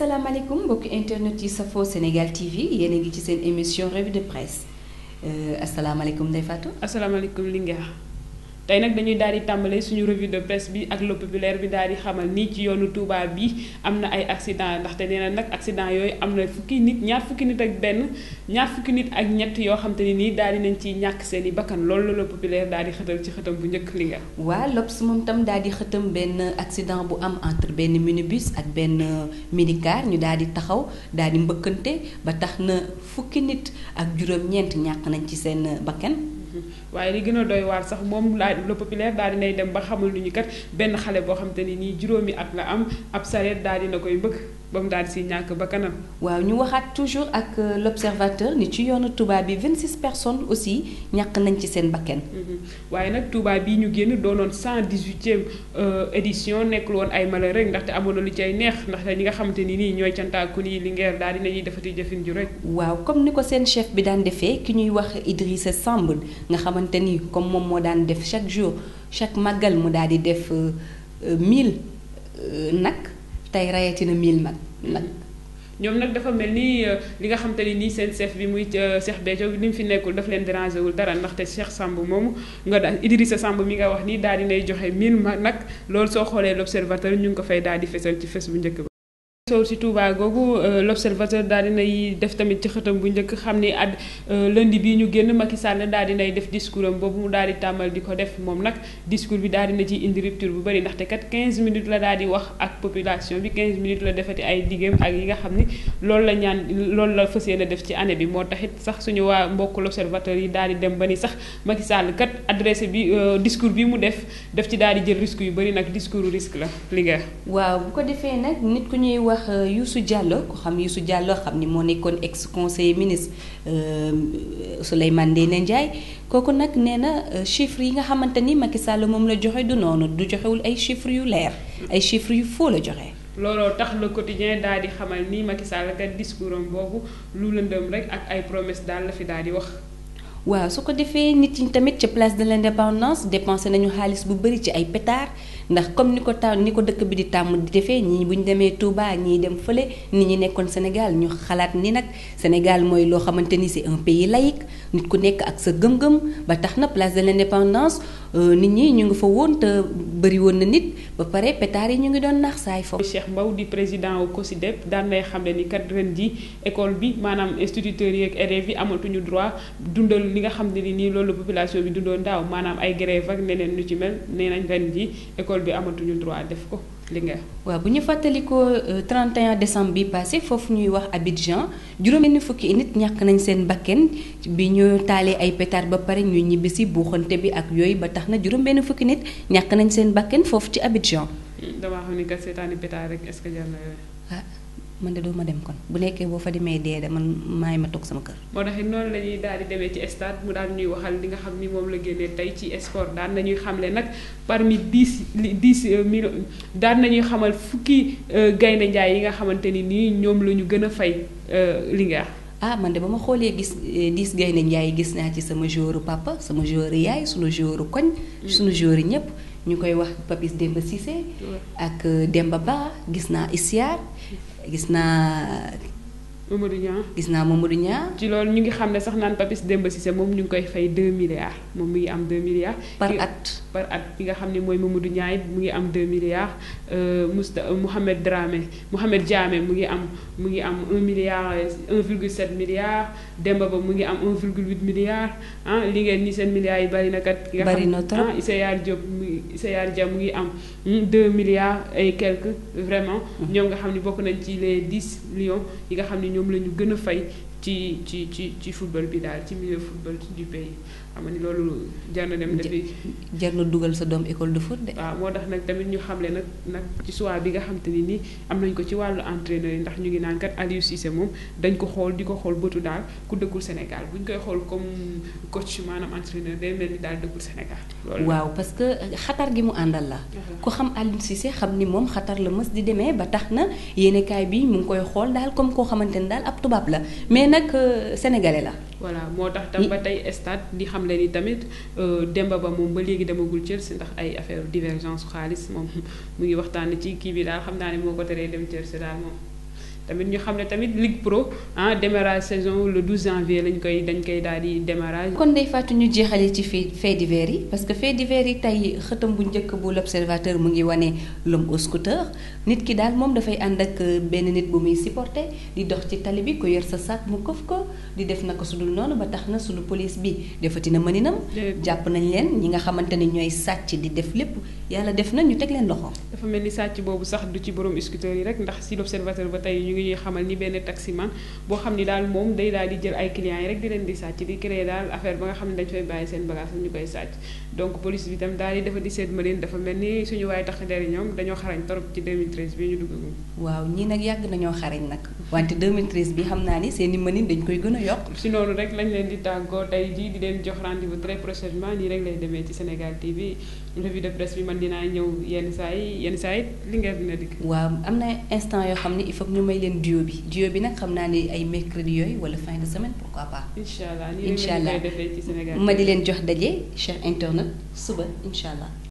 asalaamaaleykum mbokki internet yi safoo Sénégal TV yéen a ngi ci seen émission revue de presse euh, asalaamaaleykum Ndeye Fatou. asalaamaaleykum Linguère. tey nag dañuy daal di tàmbale suñu revue de presse bi ak le bi daal di xamal nii ci yoonu Touba bi am na ay accident ndaxte nee nag accident yooyu am na fukki nit ñaar fukki nit ak benn ñaar fukki nit ak ñett yoo xam te ne daal di nañ ciy ñàkk seen i bakkan loolu la le populaire daal di xëtal ci xëtam bu njëkk li nga. waaw L'Obs moom tam daal di xëtam benn accident bu am entre benn minibus ak benn minicar ñu daal di taxaw daal di mbëkkante ba tax na fukki nit ak juróom-ñeent ñàkk nañ ci seen bakkan. waaye li gën a doy waar sax moom laa la populaire daal dinay dem ba xamul ni ñu kat benn xale boo xam te ni nii juróomi at la am ab sareet daal dina koy mbëkk bam mu daal si ñàkk ba kanam. waaw ñu waxaat toujours ak euh, l' observateur ni ci yoonu Touba bi 26 personnes aussi ñàkk nañ ci seen bakken. Mhm. waaye nag Touba bii ñu génn doonoon 118e euh, édition nekkul woon ay malheur rek ndaxte amoon na lu ci ay neex ndaxte ñi nga xamante ni nii ñooy cantaaku nii li ngeer daal dinañuy defati jëfin ju rek. waaw comme ni ko seen chef bi daan defee ki ñuy wax Idrissa Samb nga xamante ni comme moom moo daan def chaque jour chaque màggal mu daal di def 1000 euh, nag. tey rayati na mille mag nag ñoom nag dafa mel ni euh, li nga xam te nii seen seef bi muy euh, Cheikh Béthio ni mu fi nekkul daf leen déranger wul dara ndaxte Cheikh Samb moomu nga daan sa Samb mi nga wax nii daal di nay joxe mille mag nag loolu soo xoolee l'observateur ñu ngi ko fay daal di fesal ci fes bu njëkk ba. soow si Touba googu euh, l' observateur daal dinay def tamit ci xëtam bu njëkk xam ni at euh, lundi bii ñu génn Macky Sall daal dinay def discours am boobu mu daal di tàmmal di ko def moom nag discours bi daal dina ci indi rupture bu bëri ndaxte kat 15 minutes la daal di wax ak population bi 15 minutes la defati ay diggéem ak yi nga xam ni loolu la ñaan loolu la fas yéene def ci année bi moo taxit sax suñu waa mbokk l' observateur yi daal di dem ba ni sax Macky Sall kat adressé bi euh, discours bi mu def def ci daal di jël risque yu bëri nag discours risque la li ndax euh, Youssou Diallo ko xam Youssou jàlloo xam ni moo nekkoon ex conseiller ministre de euh, ne Ndiaye kooku nag nee na euh, chiffres yi nga xamante ni Macky Sall moom la joxe du noonu du joxewul ay chiffres yu leer ay chiffres yu foo la joxe. looloo tax le quotidien daal di xamal ni Macky Sall kat discours boobu lu lëndëm rek ak ay promesses daal la fi daal di wax. waaw su ko defee nit ñi tamit ca place de l' indépendance nañu xaalis bu bëri ci ay pétard. ndax comme ni ko ta ni ko dëkk bi di tàmm di defee ñii buñ demee Touba ñii dem fële nit ñi nekkoon Sénégal ñu xalaat ni nag Sénégal mooy loo xamante ni c'est un pays laïque nit ku nekk ak sa gëm-gëm ba tax na place de l'indépendance euh, nit ñi ñu ngi fa woon te bëri woon na nit ba pare pétard yi ñu ngi doon naax saay foofu. Cheikh Mbaw di président wu COSIDEP daan lay xam ni kat ren ji école bi maanaam instituteur yi ak élèves yi amatuñu droit dundal li nga xam ne ni loolu population bi dundoon daaw maanaam ay grève ak neneen lu ci mel nee nañ ren ji école école bi amatuñu droit def ko li nga waaw bu ñu fàttalikoo 31 euh, décembre bi passé foofu ñuy wax Abidjan juróom benn fukki nit ñàkk nañ seen bakken bi ñu taalee ay pétard ba pare ñuy ñibbisi buuxante bi ak yooyu ba tax na juróom benn fukki nit ñaq nañ seen bakken foofu ci Abidjan. damaa xam ni kat seetaani pétard rek est-ce que jar na yooyu. Ah. man de dooma dem kon bu nekkee boo fa demee dee de man maay ma toog sama kër. moo tax it noonu la ñuy daal di demee ci stade mu daal ñuy waxal li nga xam ni moom la génnee tey ci sport daan nañuy xamle nag parmi dix dix euh, millions daan nañuy xamal fukki euh, gaynde njaay yi nga xamante ni nii ñoom la ñu gën a fay euh, li nga ah man de ba ma xoolee gis dix gaynde njaay yi gis naa ci sama joueur papa sama joueur yaay sunu joueur koñ. Mm. sunu joueur ñëpp. ñu koy wax Papis Demba Cissé. ak Demba Ba gis naa Isiar gis naa Mamadou Gisna gis naa Mamadou Niang ci loolu ñu ngi xam ne sax naan Papis Demba Cissé moom ñu ngi koy fay 2 milliards moom mu ngi am 2 milliards par at par at ki nga xam ne mooy Mamadou Niang mu ngi am 2 milliards euh, Mousta euh, Mohamed Dramé Mohamed Diame mu ngi am mu ngi am 1 milliard 1,7 milliard Demba Ba mu ngi am 1,8 milliard ah li ngeen ni seen milliards yi bari na kat ki nga bari na trop ah, Issa Yar Diop mu ngi am 2 milliards et quelques vraiment mm-hmm. ñoom nga xam ne bokk nañ ci les 10 millions yi nga xam ne ñoom la ñu gën a fay ci ci ci ci football bi daal ci milieu football du pays xam nga ni loolu jar na dem. depuis jar na dugal sa doom école de foot de. waaw moo tax nag tamit ñu xamle nag nag ci choix bi nga xam te ni nii am nañ ko ci wàllu entraîneur yi ndax ñu ngi naan kat Aliou Cissé dañ ko xool di ko xool ku dëkkul Sénégal bu ñu koy xool comme coach maanaam entraîneur mel ni daal dëkkul senegal loolu waaw parce que xatar gi mu àndal la. ku xam Aliou Cissé xam ni moom xatar la mës di demee ba tax na yéenekaay bi mu ngi koy xool daal comme koo xamante ni daal ab tubaab la nag euh, sénégalais la. voilà moo tax tam ba tey stade di xam le ni tamit euh, Demba ba moom ba léegi demagul si ndax ay affaire divergence xaalis moom mu ngi waxtaan ci kii bi daal xam naa ne moo ko teree dem Chelsea daal moom. tamit ñu xam ne tamit Ligue Pro ah démarrage saison le 12 janvier lañ koy dañ koy daal di démarrage. kon day fàttu ñu jeexale ci fii fait d'hiver yi parce que fait d'hiver yi tey xëtam bu njëkk bu l'observateur mu ngi wane l'homme au scooter nit ki daal moom dafay ànd ak euh, benn nit bu muy supporter di dox ci tali bi ko yor sa sac mu këf ko. di def na ko su dul noonu ba tax na sunu police bi defati na mëninam jàpp nañ leen ñi nga xamante ni ñooy sàcc di def lépp yàlla def na ñu teg leen loxo. dafa mel ni sàcc boobu sax du ci borom scooter yi rek ndax si l'observateur ba tey ñu ngi xamal ni benn taximan boo xam ni daal moom day daal di jël ay clients yi rek di leen di sàcc di créer daal affaire ba nga xam ne dañ fay bàyyi seen bagage ñu koy sàcc donc police bi tam daal di dafa di seet mënin dafa mel ni suñu waaye tax der ñoom dañoo xarañ torop ci 2013 bi ñu dugg waaw ñii nag yàgg nañoo xarañ nag wante 2013 bi xam naa ni seen i mënin dañ koy gën a yokk. si noonu rek lañ leen di tàggoo tey jii di leen jox rendez-vous très prochainement nii rek lay demee ci Sénégal TV revue de presse bi man dinaa ñëw yenn saa yi yenn saa yi li ngeen dina dikk. waaw am na instant yoo xam ne il faut ñu may leen duo bi duo bi nag xam naa ne ay mercredi yooyu wala fin de semaine pourquoi pas. incha allah nii rek lañ koy defee ci Sénégal ma di leen jox daje cher internet suba incha allah.